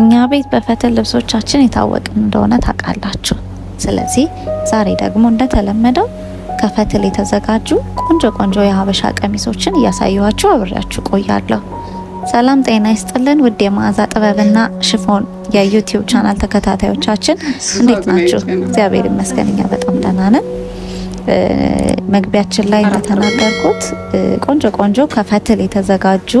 እኛ ቤት በፈትል ልብሶቻችን የታወቅን እንደሆነ ታውቃላችሁ። ስለዚህ ዛሬ ደግሞ እንደተለመደው ከፈትል የተዘጋጁ ቆንጆ ቆንጆ የሀበሻ ቀሚሶችን እያሳየኋችሁ አብሬያችሁ ቆያለሁ። ሰላም ጤና ይስጥልን ውድ የመዓዛ ጥበብና ሽፎን የዩቲዩብ ቻናል ተከታታዮቻችን እንዴት ናችሁ? እግዚአብሔር ይመስገን እኛ በጣም ደህና ነን። መግቢያችን ላይ እንደተናገርኩት ቆንጆ ቆንጆ ከፈትል የተዘጋጁ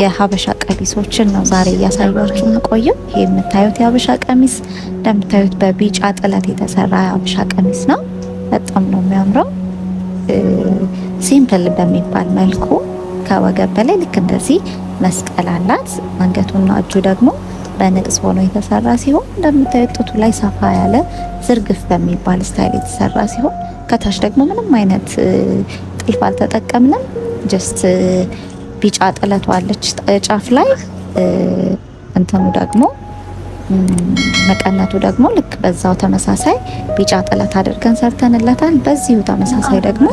የሀበሻ ቀሚሶችን ነው ዛሬ እያሳያችሁ የምቆየው። ይሄ የምታዩት የአበሻ ቀሚስ እንደምታዩት በቢጫ ጥለት የተሰራ የአበሻ ቀሚስ ነው። በጣም ነው የሚያምረው። ሲምፕል በሚባል መልኩ ከወገብ በላይ ልክ እንደዚህ መስቀል አላት። አንገቱና እጁ ደግሞ በንቅስ ሆኖ የተሰራ ሲሆን እንደምታዩት ጡቱ ላይ ሰፋ ያለ ዝርግፍ በሚባል ስታይል የተሰራ ሲሆን ከታች ደግሞ ምንም አይነት ጥልፍ አልተጠቀምንም ጀስት ቢጫ ጥለቷለች ጫፍ ላይ እንትኑ ደግሞ መቀነቱ ደግሞ ልክ በዛው ተመሳሳይ ቢጫ ጥለት አድርገን ሰርተንለታል። በዚሁ ተመሳሳይ ደግሞ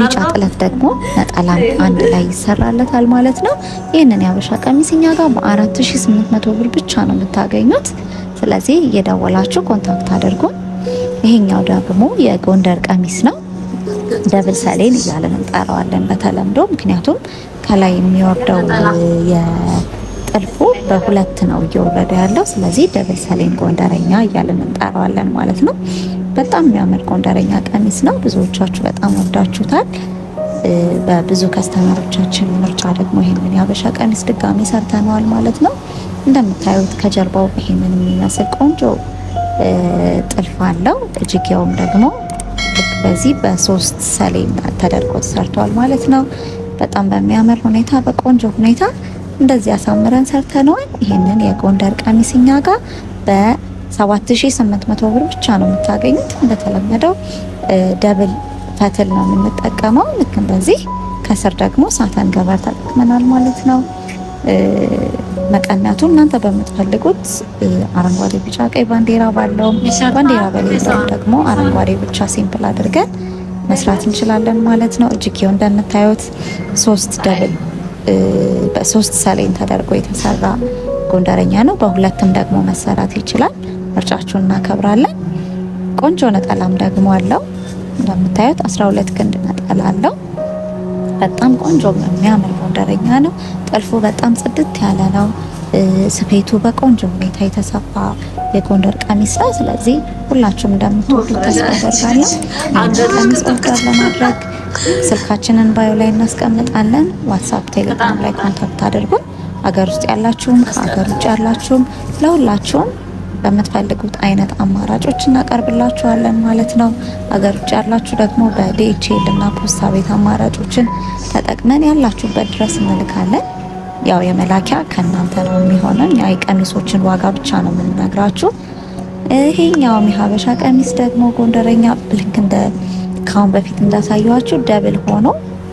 ቢጫ ጥለት ደግሞ ነጠላም አንድ ላይ ይሰራለታል ማለት ነው። ይህንን የሀበሻ ቀሚስ እኛ ጋር በ4800 ብር ብቻ ነው የምታገኙት። ስለዚህ እየደወላችሁ ኮንታክት አድርጉን። ይሄኛው ደግሞ የጎንደር ቀሚስ ነው። ደብል ሰሌን እያለን እንጠራዋለን በተለምዶ ምክንያቱም ከላይ የሚወርደው የጥልፉ በሁለት ነው እየወረደ ያለው። ስለዚህ ደብል ሰሌን ጎንደረኛ እያለን እንጠራዋለን ማለት ነው። በጣም የሚያምር ጎንደረኛ ቀሚስ ነው። ብዙዎቻችሁ በጣም ወዳችሁታል። በብዙ ከስተመሮቻችን ምርጫ ደግሞ ይህንን የሀበሻ ቀሚስ ድጋሚ ሰርተነዋል ማለት ነው። እንደምታዩት ከጀርባው ይህንን የሚመስል ቆንጆ ጥልፍ አለው። እጅጌውም ደግሞ ልክ በዚህ በሶስት ሰሌን ተደርጎ ተሰርተዋል ማለት ነው። በጣም በሚያምር ሁኔታ በቆንጆ ሁኔታ እንደዚህ አሳምረን ሰርተነዋል። ይህንን የጎንደር ቀሚስ እኛ ጋር በ7800 ብር ብቻ ነው የምታገኙት። እንደተለመደው ደብል ፈትል ነው የምንጠቀመው። ልክ እንደዚህ ከስር ደግሞ ሳተን ገበር ተጠቅመናል ማለት ነው። መቀነቱ እናንተ በምትፈልጉት አረንጓዴ፣ ቢጫ፣ ቀይ ባንዲራ ባለው ባንዲራ በሌለው ደግሞ አረንጓዴ ብቻ ሲምፕል አድርገን መስራት እንችላለን ማለት ነው። እጅጌው እንደምታዩት ሶስት ደብል በሶስት ሰሌን ተደርጎ የተሰራ ጎንደረኛ ነው። በሁለትም ደግሞ መሰራት ይችላል። ምርጫችሁን እናከብራለን። ቆንጆ ነጠላም ደግሞ አለው እንደምታዩት 12 ክንድ ነጠላ አለው። በጣም ቆንጆ የሚያምር ቦንደረኛ ነው። ጥልፉ በጣም ጽድት ያለ ነው። ስፌቱ በቆንጆ ሁኔታ የተሰፋ የጎንደር ቀሚስ ነው። ስለዚህ ሁላችሁም እንደምትወዱ ተስፋ አደርጋለሁ። ቀሚስ ኦርደር ለማድረግ ስልካችንን ባዮ ላይ እናስቀምጣለን። ዋትሳፕ፣ ቴሌግራም ላይ ኮንታክት አድርጉን። አገር ውስጥ ያላችሁም ከአገር ውጭ ያላችሁም ለሁላችሁም በምትፈልጉት አይነት አማራጮች እናቀርብላችኋለን ማለት ነው። አገር ውጭ ያላችሁ ደግሞ በዲኤችኤል እና ፖስታ ቤት አማራጮችን ተጠቅመን ያላችሁበት ድረስ እንልካለን። ያው የመላኪያ ከእናንተ ነው የሚሆነው። ያ የቀሚሶችን ዋጋ ብቻ ነው የምንነግራችሁ። ይሄኛው የሀበሻ ቀሚስ ደግሞ ጎንደረኛ ልክ እንደ ካሁን በፊት እንዳሳየኋችሁ ደብል ሆኖ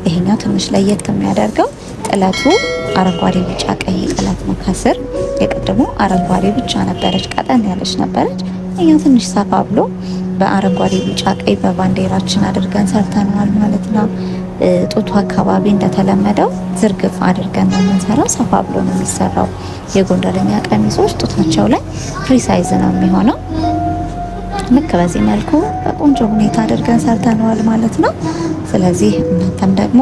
ይሄኛው ትንሽ ለየት የሚያደርገው ጥለቱ አረንጓዴ፣ ቢጫ፣ ቀይ ጥለት ነው። ከስር የቀድሞ አረንጓዴ ብቻ ነበረች፣ ቀጠን ያለች ነበረች። እኛ ትንሽ ሰፋ ብሎ በአረንጓዴ፣ ቢጫ፣ ቀይ በባንዲራችን አድርገን ሰርተነዋል ማለት ነው። ጡቱ አካባቢ እንደተለመደው ዝርግፍ አድርገን ነው የምንሰራው። ሰፋ ብሎ ነው የሚሰራው። የጎንደረኛ ቀሚሶች ጡታቸው ላይ ፍሪሳይዝ ነው የሚሆነው። ልክ በዚህ መልኩ በቆንጆ ሁኔታ አድርገን ሰርተነዋል ማለት ነው። ስለዚህ እናንተም ደግሞ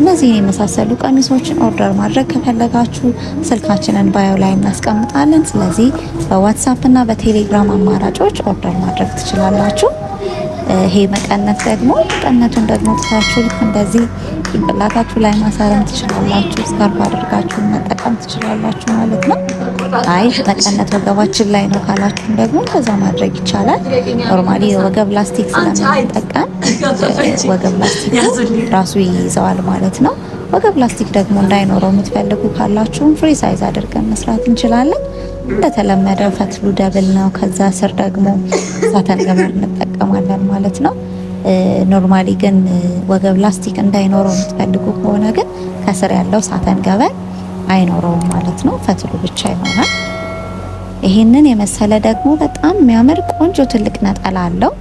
እነዚህን የመሳሰሉ ቀሚሶችን ኦርደር ማድረግ ከፈለጋችሁ ስልካችንን ባየው ላይ እናስቀምጣለን። ስለዚህ በዋትሳፕ እና በቴሌግራም አማራጮች ኦርደር ማድረግ ትችላላችሁ። ይሄ መቀነት ደግሞ መቀነቱን ደግሞ ትታችሁ ልክ እንደዚህ ጭንቅላታችሁ ላይ ማሳረም ትችላላችሁ። ስካርፍ አድርጋችሁ መጠቀም ትችላላችሁ ማለት ነው። አይ መቀነት ወገባችን ላይ ነው ካላችሁም ደግሞ ከዛ ማድረግ ይቻላል። ኖርማሊ የወገብ ላስቲክ ስለምንጠቀም ወገብ ላስቲክ ራሱ ይይዘዋል ማለት ነው። ወገብ ላስቲክ ደግሞ እንዳይኖረው የምትፈልጉ ካላችሁም ፍሪ ሳይዝ አድርገን መስራት እንችላለን። እንደተለመደ ፈትሉ ደብል ነው። ከዛ ስር ደግሞ ሳተን ገመድ እንጠቀማለን ማለት ነው። ኖርማሊ ግን ወገብ ላስቲክ እንዳይኖረው የምትፈልጉ ከሆነ ግን ከስር ያለው ሳተን ገበር አይኖረውም ማለት ነው። ፈትሉ ብቻ ይሆናል። ይህንን የመሰለ ደግሞ በጣም የሚያምር ቆንጆ ትልቅ ነጠላ አለው።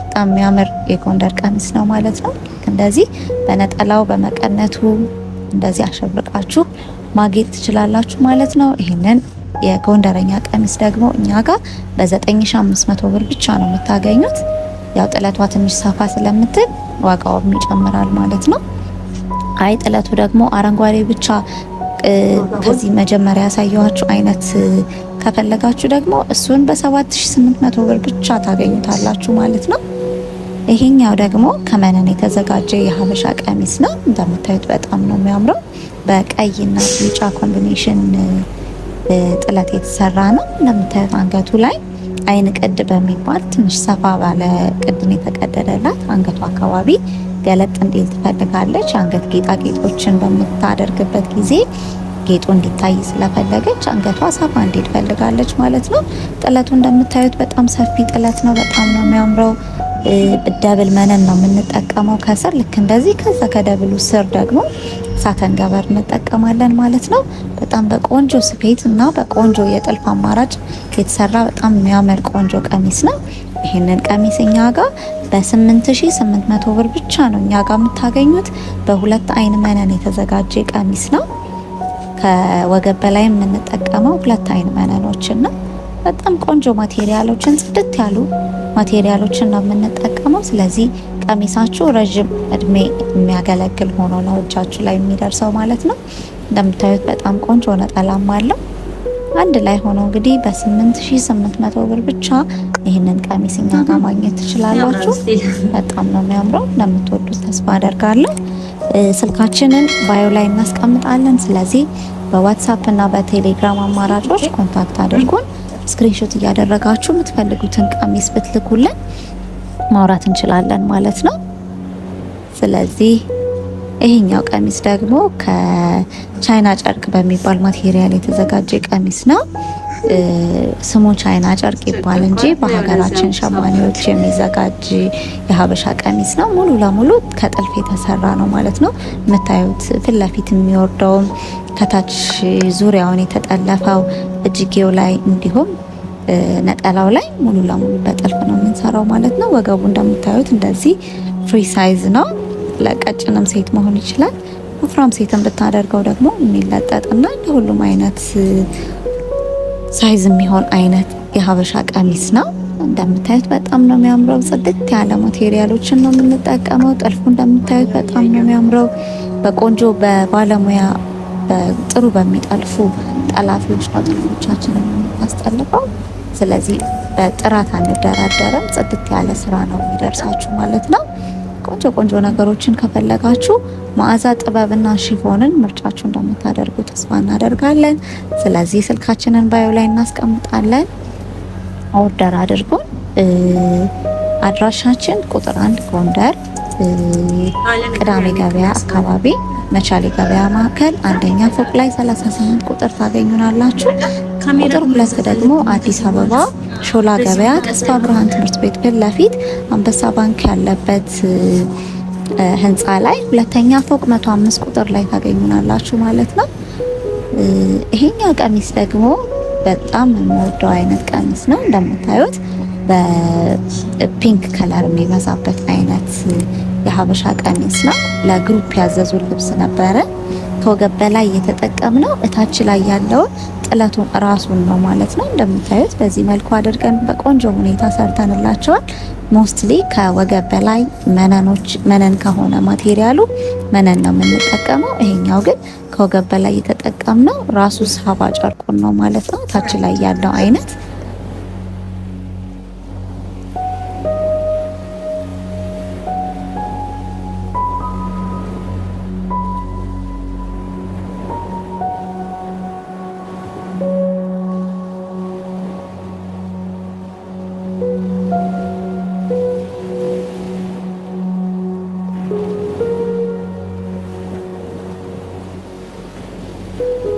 በጣም የሚያምር የጎንደር ቀሚስ ነው ማለት ነው። እንደዚህ በነጠላው በመቀነቱ እንደዚህ አሸብርቃችሁ ማጌጥ ትችላላችሁ ማለት ነው። ይህንን የጎንደረኛ ቀሚስ ደግሞ እኛ ጋር በ9500 ብር ብቻ ነው የምታገኙት። ያው ጥለቷ ትንሽ ሰፋ ስለምትል ዋጋውም ይጨምራል ማለት ነው። አይ ጥለቱ ደግሞ አረንጓዴ ብቻ ከዚህ መጀመሪያ ያሳየኋችሁ አይነት ከፈለጋችሁ ደግሞ እሱን በ7800 ብር ብቻ ታገኙታላችሁ ማለት ነው። ይሄኛው ደግሞ ከመነን የተዘጋጀ የሀበሻ ቀሚስ ነው። እንደምታዩት በጣም ነው የሚያምረው። በቀይና ቢጫ ኮምቢኔሽን ጥለት የተሰራ ነው። እንደምታዩት አንገቱ ላይ አይን ቅድ በሚባል ትንሽ ሰፋ ባለ ቅድን የተቀደደላት አንገቷ አካባቢ ገለጥ እንዲል ትፈልጋለች። አንገት ጌጣጌጦችን በምታደርግበት ጊዜ ጌጡ እንዲታይ ስለፈለገች አንገቷ ሰፋ እንዲል ፈልጋለች ማለት ነው። ጥለቱ እንደምታዩት በጣም ሰፊ ጥለት ነው። በጣም ነው የሚያምረው። ደብል መነን ነው የምንጠቀመው ከስር ልክ እንደዚህ። ከዛ ከደብሉ ስር ደግሞ ሳተን ገበር እንጠቀማለን ማለት ነው። በጣም በቆንጆ ስፌት እና በቆንጆ የጥልፍ አማራጭ የተሰራ በጣም የሚያምር ቆንጆ ቀሚስ ነው። ይህንን ቀሚስ እኛ ጋር በ8800 ብር ብቻ ነው እኛ ጋር የምታገኙት። በሁለት አይን መነን የተዘጋጀ ቀሚስ ነው። ከወገብ በላይ የምንጠቀመው ሁለት አይን መነኖችን ነው። በጣም ቆንጆ ማቴሪያሎችን፣ ጽድት ያሉ ማቴሪያሎችን ነው የምንጠቀመው። ስለዚህ ቀሚሳችሁ ረዥም እድሜ የሚያገለግል ሆኖ ነው እጃችሁ ላይ የሚደርሰው ማለት ነው። እንደምታዩት በጣም ቆንጆ ነጠላም አለው። አንድ ላይ ሆኖ እንግዲህ በ8800 ብር ብቻ ይህንን ቀሚስ እኛ ጋር ማግኘት ትችላላችሁ። በጣም ነው የሚያምረው። እንደምትወዱት ተስፋ አደርጋለሁ። ስልካችንን ባዮ ላይ እናስቀምጣለን። ስለዚህ በዋትሳፕ እና በቴሌግራም አማራጮች ኮንታክት አድርጉን። ስክሪንሾት እያደረጋችሁ የምትፈልጉትን ቀሚስ ብትልኩልን ማውራት እንችላለን ማለት ነው። ስለዚህ ይሄኛው ቀሚስ ደግሞ ከቻይና ጨርቅ በሚባል ማቴሪያል የተዘጋጀ ቀሚስ ነው። ስሙ ቻይና ጨርቅ ይባል እንጂ በሀገራችን ሸማኔዎች የሚዘጋጅ የሀበሻ ቀሚስ ነው። ሙሉ ለሙሉ ከጥልፍ የተሰራ ነው ማለት ነው። የምታዩት ፊት ለፊት የሚወርደውም ከታች ዙሪያውን የተጠለፈው እጅጌው ላይ እንዲሁም ነጠላው ላይ ሙሉ ለሙሉ በጥልፍ ነው የምንሰራው ማለት ነው። ወገቡ እንደምታዩት እንደዚህ ፍሪ ሳይዝ ነው። ለቀጭንም ሴት መሆን ይችላል። ወፍራም ሴትን ብታደርገው ደግሞ የሚለጠጥና ለሁሉም አይነት ሳይዝ የሚሆን አይነት የሀበሻ ቀሚስ ነው። እንደምታዩት በጣም ነው የሚያምረው። ጽድት ያለ ማቴሪያሎችን ነው የምንጠቀመው። ጥልፉ እንደምታዩት በጣም ነው የሚያምረው። በቆንጆ በባለሙያ ጥሩ በሚጠልፉ ጠላፊዎች ነው ጥልፎቻችን የምናስጠልፈው። ስለዚህ በጥራት አንደራደርም። ጽድት ያለ ስራ ነው የሚደርሳችሁ ማለት ነው። ቆንጆ ቆንጆ ነገሮችን ከፈለጋችሁ መዓዛ ጥበብና ሽፎንን ምርጫችሁ እንደምታደርጉ ተስፋ እናደርጋለን። ስለዚህ ስልካችንን ባዩ ላይ እናስቀምጣለን። ኦርደር አድርጉን። አድራሻችን ቁጥር አንድ ጎንደር ቅዳሜ ገበያ አካባቢ መቻሌ ገበያ ማዕከል አንደኛ ፎቅ ላይ 38 ቁጥር ታገኙናላችሁ። ቁጥር ሁለት ደግሞ አዲስ አበባ ሾላ ገበያ ተስፋ ብርሃን ትምህርት ቤት ፊት ለፊት አንበሳ ባንክ ያለበት ህንፃ ላይ ሁለተኛ ፎቅ 105 ቁጥር ላይ ታገኙናላችሁ ማለት ነው። ይሄኛው ቀሚስ ደግሞ በጣም የምወደው አይነት ቀሚስ ነው። እንደምታዩት በፒንክ ከለር የሚበዛበት አይነት የሀበሻ ቀሚስ ነው። ለግሩፕ ያዘዙ ልብስ ነበረ። ከወገብ በላይ ነው። እታች ላይ ያለውን ጥለቱን ራሱን ነው ማለት ነው። እንደምታዩት በዚህ መልኩ አድርገን በቆንጆ ሁኔታ ሰርተንላቸዋል። ሞስትሊ ከወገብ በላይ መነኖች መነን ከሆነ ማቴሪያሉ መነን ነው የምንጠቀመው። ይሄኛው ግን ከወገብ በላይ የተጠቀምነው ራሱ ሳባ ጨርቁን ነው ማለት ነው። ታች ላይ ያለው አይነት Thank you.